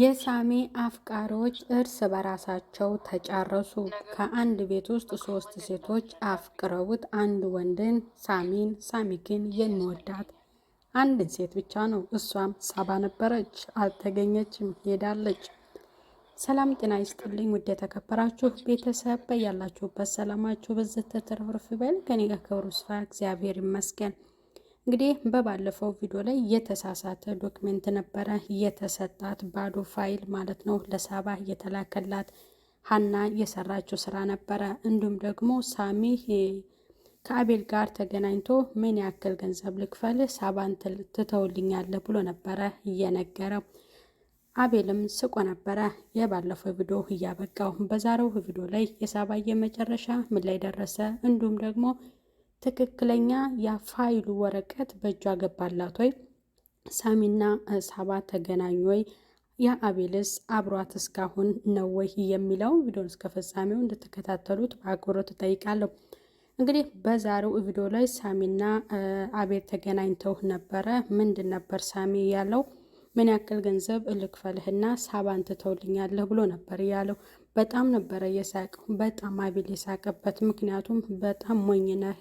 የሳሚ አፍቃሪዎች እርስ በራሳቸው ተጫረሱ። ከአንድ ቤት ውስጥ ሶስት ሴቶች አፍቅረውት አንድ ወንድን ሳሚን፣ ሳሚ ግን የሚወዳት አንድን ሴት ብቻ ነው። እሷም ሳባ ነበረች፣ አልተገኘችም፣ ሄዳለች። ሰላም ጤና ይስጥልኝ ውድ የተከበራችሁ ቤተሰብ በያላችሁበት ሰላማችሁ በዘተ ተረፍርፍ ይበል። ከኔ ጋር ክብሩ ስፋ እግዚአብሔር ይመስገን። እንግዲህ በባለፈው ቪዲዮ ላይ የተሳሳተ ዶክሜንት ነበረ የተሰጣት ባዶ ፋይል ማለት ነው ለሳባ የተላከላት ሀና የሰራችው ስራ ነበረ። እንዲሁም ደግሞ ሳሚ ከአቤል ጋር ተገናኝቶ ምን ያክል ገንዘብ ልክፈል ሳባን ትተውልኛለ ብሎ ነበረ እየነገረ አቤልም ስቆ ነበረ። የባለፈው ቪዲዮ እያበቃው በዛሬው ቪዲዮ ላይ የሳባ የመጨረሻ ምን ላይ ደረሰ እንዲሁም ደግሞ ትክክለኛ የፋይሉ ወረቀት በእጇ ገባላት ወይ? ሳሚና ሳባ ተገናኙ ወይ? የአቤልስ አብሯት እስካሁን ነው ወይ የሚለው ቪዲዮን እስከ ፍጻሜው እንድትከታተሉት በአክብሮት እጠይቃለሁ። እንግዲህ በዛሬው ቪዲዮ ላይ ሳሚና አቤል ተገናኝተው ነበረ። ምንድን ነበር ሳሚ ያለው? ምን ያክል ገንዘብ ልክፈልህና ሳባን ትተውልኛለህ ብሎ ነበር ያለው። በጣም ነበረ የሳቀው። በጣም አቤል የሳቀበት ምክንያቱም በጣም ሞኝ ነህ፣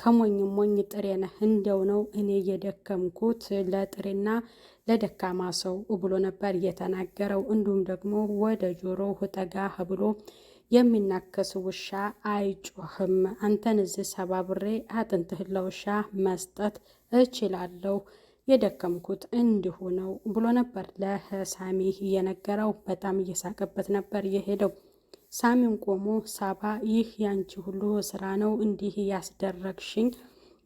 ከሞኝ ሞኝ ጥሬ ነህ። እንደው ነው እኔ የደከምኩት ለጥሬና ለደካማ ሰው ብሎ ነበር የተናገረው። እንዲሁም ደግሞ ወደ ጆሮ ሁጠጋ ብሎ የሚናከስ ውሻ አይጮህም፣ አንተን እዚህ ሰባብሬ አጥንትህን ለውሻ መስጠት እችላለሁ የደከምኩት እንዲሁ ነው ብሎ ነበር ለሳሚ እየነገረው። በጣም እየሳቀበት ነበር የሄደው። ሳሚን ቆሞ ሳባ፣ ይህ ያንቺ ሁሉ ስራ ነው እንዲህ ያስደረግሽኝ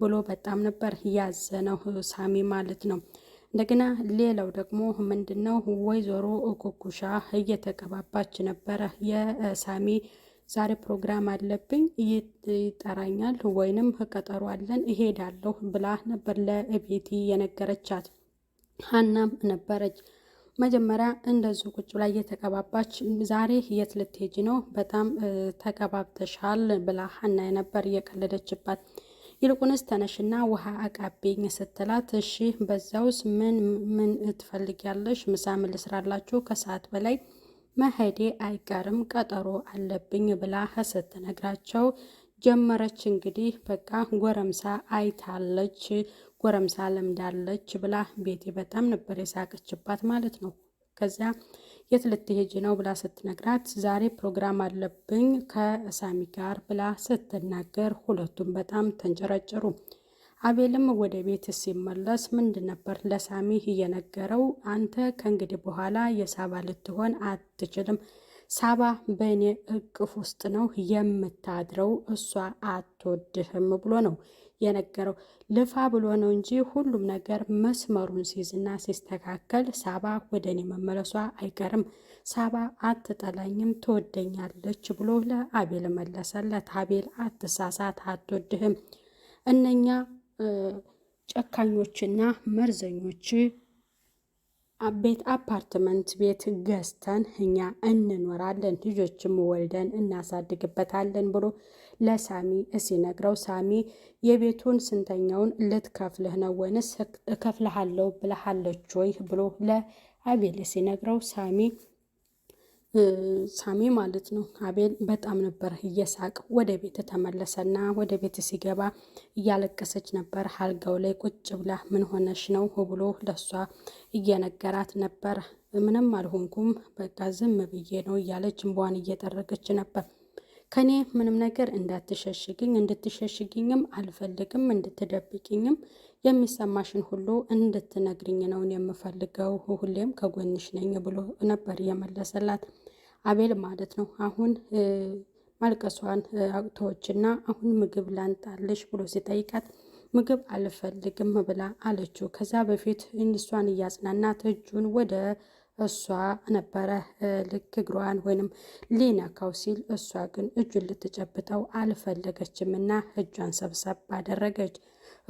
ብሎ በጣም ነበር ያዘነው ሳሚ ማለት ነው። እንደገና ሌላው ደግሞ ምንድን ነው ወይዘሮ ኩኩሻ እየተቀባባች ነበረ የሳሚ ዛሬ ፕሮግራም አለብኝ ይጠራኛል ወይንም ቀጠሮ አለን እሄዳለሁ ብላ ነበር ለቤቲ የነገረቻት። ሀናም ነበረች መጀመሪያ እንደዚሁ ቁጭ ብላ እየተቀባባች ዛሬ የት ልትሄጂ ነው? በጣም ተቀባብተሻል ብላ ሀና ነበር እየቀለደችባት። ይልቁንስ ተነሽና ውሃ አቃቤኝ ስትላት፣ እሺ በዛውስ ምን ምን ትፈልጊያለሽ? ምሳ ምን ልስራላችሁ? ከሰዓት በላይ መሄዴ አይቀርም ቀጠሮ አለብኝ ብላ ስትነግራቸው ጀመረች። እንግዲህ በቃ ጎረምሳ አይታለች፣ ጎረምሳ ለምዳለች ብላ ቤቴ በጣም ነበር የሳቀችባት ማለት ነው። ከዚያ የት ልትሄጂ ነው ብላ ስትነግራት ዛሬ ፕሮግራም አለብኝ ከእሳሚ ጋር ብላ ስትናገር ሁለቱም በጣም ተንጨረጨሩ። አቤልም ወደ ቤት ሲመለስ ምንድን ነበር ለሳሚ እየነገረው? አንተ ከእንግዲህ በኋላ የሳባ ልትሆን አትችልም። ሳባ በእኔ እቅፍ ውስጥ ነው የምታድረው፣ እሷ አትወድህም ብሎ ነው የነገረው። ልፋ ብሎ ነው እንጂ ሁሉም ነገር መስመሩን ሲይዝና ሲስተካከል ሳባ ወደ እኔ መመለሷ አይቀርም። ሳባ አትጠላኝም፣ ትወደኛለች ብሎ ለአቤል መለሰለት። አቤል አትሳሳት፣ አትወድህም እነኛ ጨካኞችና መርዘኞች ቤት አፓርትመንት ቤት ገዝተን እኛ እንኖራለን፣ ልጆችም ወልደን እናሳድግበታለን ብሎ ለሳሚ ሲነግረው ሳሚ የቤቱን ስንተኛውን ልትከፍልህ ነው ወይንስ እከፍልሃለሁ ብለሃለች ወይ ብሎ ለአቤል ሲነግረው ሳሚ ሳሚ ማለት ነው። አቤል በጣም ነበር እየሳቅ ወደ ቤት ተመለሰና ወደ ቤት ሲገባ እያለቀሰች ነበር። አልጋው ላይ ቁጭ ብላ ምን ሆነሽ ነው ብሎ ለሷ እየነገራት ነበር። ምንም አልሆንኩም፣ በቃ ዝም ብዬ ነው እያለች እንቧን እየጠረገች ነበር። ከኔ ምንም ነገር እንዳትሸሽግኝ፣ እንድትሸሽግኝም አልፈልግም፣ እንድትደብቅኝም የሚሰማሽን ሁሉ እንድትነግርኝ ነውን የምፈልገው። ሁሌም ከጎንሽ ነኝ ብሎ ነበር የመለሰላት። አቤል ማለት ነው አሁን ማልቀሷን አቅቶዎችና አሁን ምግብ ላንጣልሽ ብሎ ሲጠይቃት ምግብ አልፈልግም ብላ አለችው። ከዛ በፊት እሷን እያጽናናት እጁን ወደ እሷ ነበረ ልክ እግሯን ወይንም ሊነካው ሲል እሷ ግን እጁን ልትጨብጠው አልፈለገችም እና እጇን ሰብሰብ አደረገች።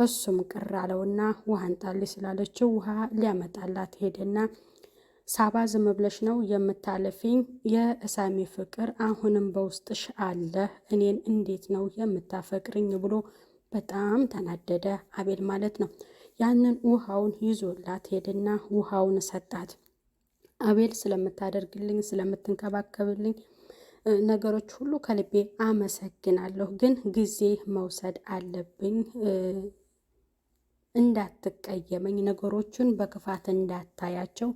እሱም ቅር አለውና ውሃ አንጣልኝ ስላለችው ውሃ ሊያመጣላት ሄደና ሳባ ዝም ብለሽ ነው የምታለፊኝ? የእሳሚ ፍቅር አሁንም በውስጥሽ አለ። እኔን እንዴት ነው የምታፈቅርኝ? ብሎ በጣም ተናደደ አቤል ማለት ነው። ያንን ውሃውን ይዞላት ሄድና ውሃውን ሰጣት። አቤል ስለምታደርግልኝ ስለምትንከባከብልኝ ነገሮች ሁሉ ከልቤ አመሰግናለሁ፣ ግን ጊዜ መውሰድ አለብኝ እንዳትቀየመኝ፣ ነገሮቹን በክፋት እንዳታያቸው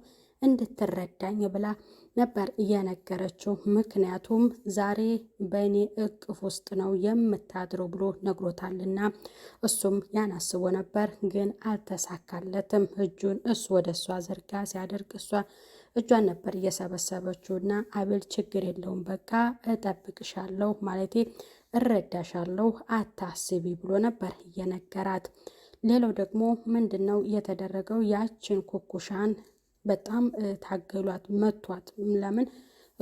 እንድትረዳኝ ብላ ነበር እየነገረችው። ምክንያቱም ዛሬ በእኔ እቅፍ ውስጥ ነው የምታድረው ብሎ ነግሮታልና እሱም ያናስቦ ነበር፣ ግን አልተሳካለትም። እጁን እሱ ወደ እሷ ዘርጋ ሲያደርግ እሷ እጇን ነበር እየሰበሰበችው እና አቤል ችግር የለውም በቃ እጠብቅሻለሁ ማለቴ እረዳሻለሁ አታስቢ ብሎ ነበር እየነገራት። ሌላው ደግሞ ምንድን ነው የተደረገው ያችን ኩኩሻን በጣም ታገሏት፣ መቷት። ለምን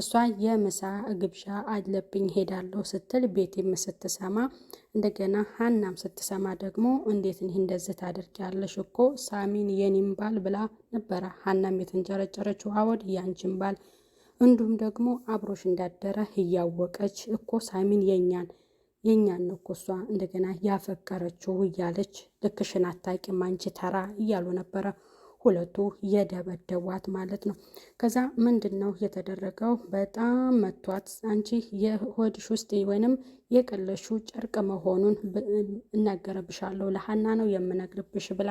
እሷ የምሳ ግብዣ አለብኝ ሄዳለሁ ስትል ቤቴም ስትሰማ እንደገና ሀናም ስትሰማ ደግሞ እንዴት እኒህ እንደዚህ ታደርጊያለሽ እኮ ሳሚን የኔም ባል ብላ ነበረ ሀናም የተንጨረጨረችው። አወድ ያንቺን ባል እንዲሁም ደግሞ አብሮሽ እንዳደረ እያወቀች እኮ ሳሚን የኛን የኛን ነው እኮ እሷ እንደገና ያፈቀረችው እያለች ልክሽን አታውቂም አንቺ ተራ እያሉ ነበረ። ሁለቱ የደበደቧት ማለት ነው። ከዛ ምንድን ነው የተደረገው? በጣም መቷት። አንቺ የሆድሽ ውስጥ ወይንም የቀለሹ ጨርቅ መሆኑን እነገረብሻለሁ ለሀና ነው የምነግርብሽ ብላ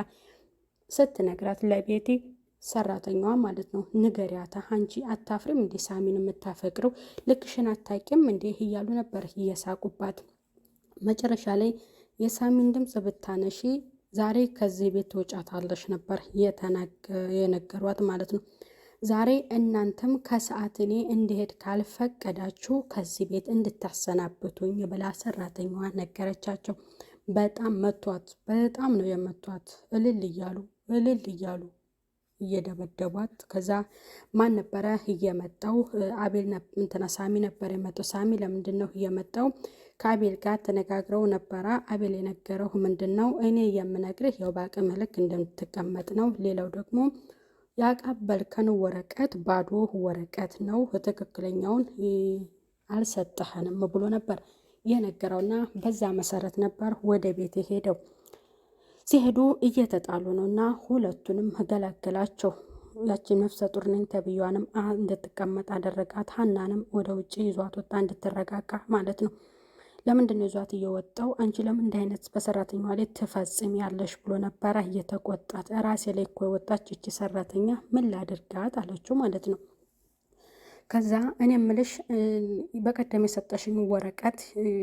ስትነግራት ለቤቲ ሰራተኛዋ ማለት ነው። ንገሪያታ አንቺ አታፍሪም እንዴ? ሳሚን የምታፈቅረው ልክሽን አታቂም እንዴ? እያሉ ነበር እየሳቁባት። መጨረሻ ላይ የሳሚን ድምፅ ብታነሺ ዛሬ ከዚህ ቤት ትወጫታለሽ ነበር የነገሯት ማለት ነው። ዛሬ እናንተም ከሰዓት እኔ እንድሄድ ካልፈቀዳችሁ ከዚህ ቤት እንድታሰናብቱኝ ብላ ሰራተኛዋ ነገረቻቸው። በጣም መቷት፣ በጣም ነው የመቷት። እልል እያሉ እልል እያሉ እየደበደቧት ከዛ ማን ነበረ እየመጣው አቤል እንትና ሳሚ ነበር የመጣው። ሳሚ ለምንድን ነው እየመጣው ከአቤል ጋር ተነጋግረው ነበረ። አቤል የነገረው ምንድን ነው? እኔ የምነግርህ ያው በአቅም ልክ እንደምትቀመጥ ነው። ሌላው ደግሞ ያቀበልከን ወረቀት ባዶ ወረቀት ነው፣ ትክክለኛውን አልሰጠህንም ብሎ ነበር የነገረውና በዛ መሰረት ነበር ወደ ቤት ሄደው ሲሄዱ እየተጣሉ ነው እና ሁለቱንም ገላገላቸው። ያችን ነፍሰ ጡር ነኝ ተብያንም እንድትቀመጥ አደረጋት። ሀናንም ወደ ውጭ ይዟት ወጣ እንድትረጋጋ ማለት ነው። ለምንድን ነው ይዟት እየወጣው አንቺ ለምን እንደ አይነት በሰራተኛዋ ላይ ትፈጽም ያለሽ ብሎ ነበረ እየተቆጣት። ራሴ ላይ እኮ የወጣች እቺ ሰራተኛ ምን ላድርጋት አለችው ማለት ነው። ከዛ እኔ ምልሽ በቀደም የሰጠሽኝ ወረቀት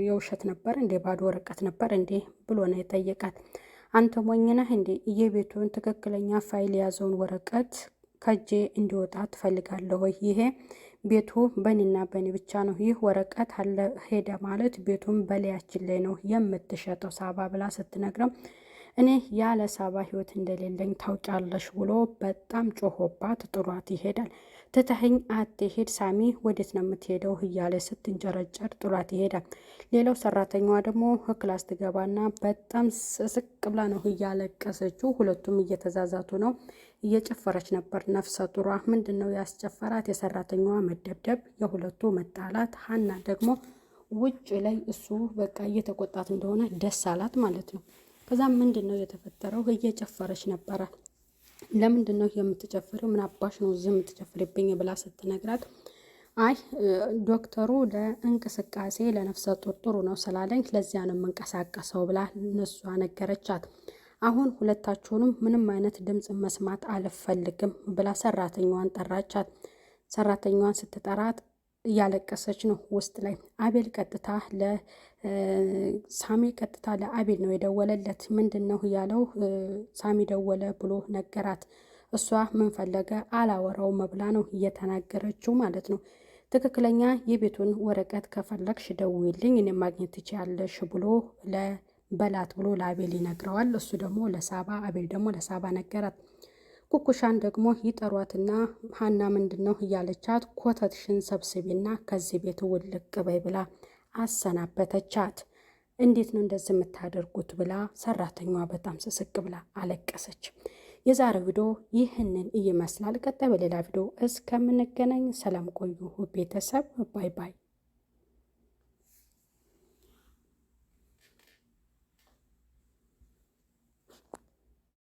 የውሸት ነበር እንዴ? ባዶ ወረቀት ነበር እንዴ? ብሎ ነው የጠየቃት። አንተ ሞኝ ነህ እንዴ? የቤቱን ትክክለኛ ፋይል የያዘውን ወረቀት ከጄ እንዲወጣ ትፈልጋለሁ? ይሄ ቤቱ በኔና በኔ ብቻ ነው። ይህ ወረቀት አለ ሄደ ማለት ቤቱን በላያችን ላይ ነው የምትሸጠው ሳባ ብላ ስትነግረው እኔ ያለ ሳባ ህይወት እንደሌለኝ ታውቂያለሽ ብሎ በጣም ጮሆባት ጥሯት ይሄዳል። ትተኸኝ አትሄድ ሳሚ፣ ወዴት ነው የምትሄደው? እያለ ስትንጨረጨር ጥሏት ይሄዳል። ሌላው ሰራተኛዋ ደግሞ ክላስ ትገባና በጣም ስቅ ብላ ነው እያለቀሰችው። ሁለቱም እየተዛዛቱ ነው፣ እየጨፈረች ነበር። ነፍሰ ጡሯ ምንድን ነው ያስጨፈራት? የሰራተኛዋ መደብደብ፣ የሁለቱ መጣላት። ሀና ደግሞ ውጭ ላይ እሱ በቃ እየተቆጣት እንደሆነ ደስ አላት ማለት ነው። ከዛም ምንድን ነው የተፈጠረው? እየጨፈረች ነበረ ለምንድን ነው የምትጨፍሪው? ምን አባሽ ነው እዚህ የምትጨፍሪብኝ? ብላ ስትነግራት አይ ዶክተሩ ለእንቅስቃሴ ለነፍሰ ጡር ጥሩ ነው ስላለኝ ለዚያ ነው የምንቀሳቀሰው ብላ እነሷ ነገረቻት። አሁን ሁለታችሁንም ምንም አይነት ድምፅ መስማት አልፈልግም ብላ ሰራተኛዋን ጠራቻት። ሰራተኛዋን ስትጠራት እያለቀሰች ነው ውስጥ ላይ አቤል ቀጥታ ሳሚ ቀጥታ ለአቤል ነው የደወለለት። ምንድን ነው ያለው? ሳሚ ደወለ ብሎ ነገራት። እሷ ምን ፈለገ አላወራውም ብላ ነው እየተናገረችው ማለት ነው። ትክክለኛ የቤቱን ወረቀት ከፈለግሽ ደውይልኝ እኔ ማግኘት ትችያለሽ ብሎ ለበላት ብሎ ለአቤል ይነግረዋል። እሱ ደግሞ ለሳባ አቤል ደግሞ ለሳባ ነገራት። ኩኩሻን ደግሞ ይጠሯትና ሀና ምንድን ነው እያለቻት ኮተትሽን ሰብስቢና ከዚህ ቤት ውልቅ በይ ብላ አሰናበተቻት። እንዴት ነው እንደዚህ የምታደርጉት ብላ ሰራተኛዋ በጣም ስስቅ ብላ አለቀሰች። የዛሬው ቪዲዮ ይህንን ይመስላል። ቀጣይ በሌላ ቪዲዮ እስከምንገናኝ ሰላም ቆዩ ቤተሰብ። ባይ ባይ።